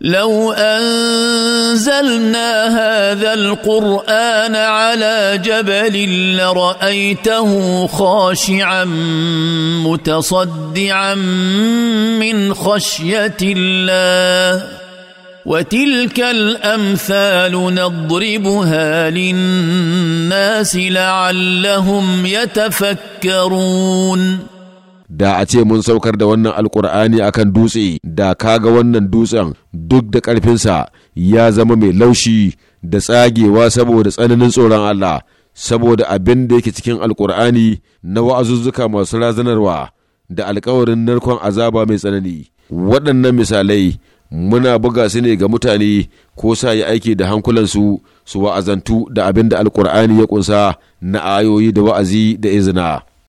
لو انزلنا هذا القران على جبل لرايته خاشعا متصدعا من خشيه الله وتلك الامثال نضربها للناس لعلهم يتفكرون da a ce mun saukar da wannan alkur'ani akan dutse da kaga wannan dutsen duk da ƙarfinsa ya zama mai laushi da tsagewa saboda tsananin tsoron Allah saboda abin da yake cikin alkur'ani na wa'azuzzuka masu razanarwa da alkawarin narkon azaba mai tsanani waɗannan misalai muna buga su ne ga mutane ko sa yi aiki da hankulansu su wa'azantu da abin da alkur'ani ya kunsa na ayoyi da wa'azi da izina